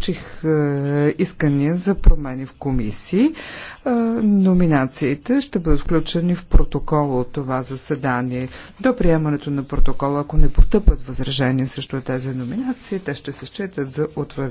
получих е, искания за промени в комисии. Е, номинациите ще бъдат включени в протокола от това заседание. До приемането на протокола, ако не постъпят възражения срещу тези номинации, те ще се считат за утвърдени.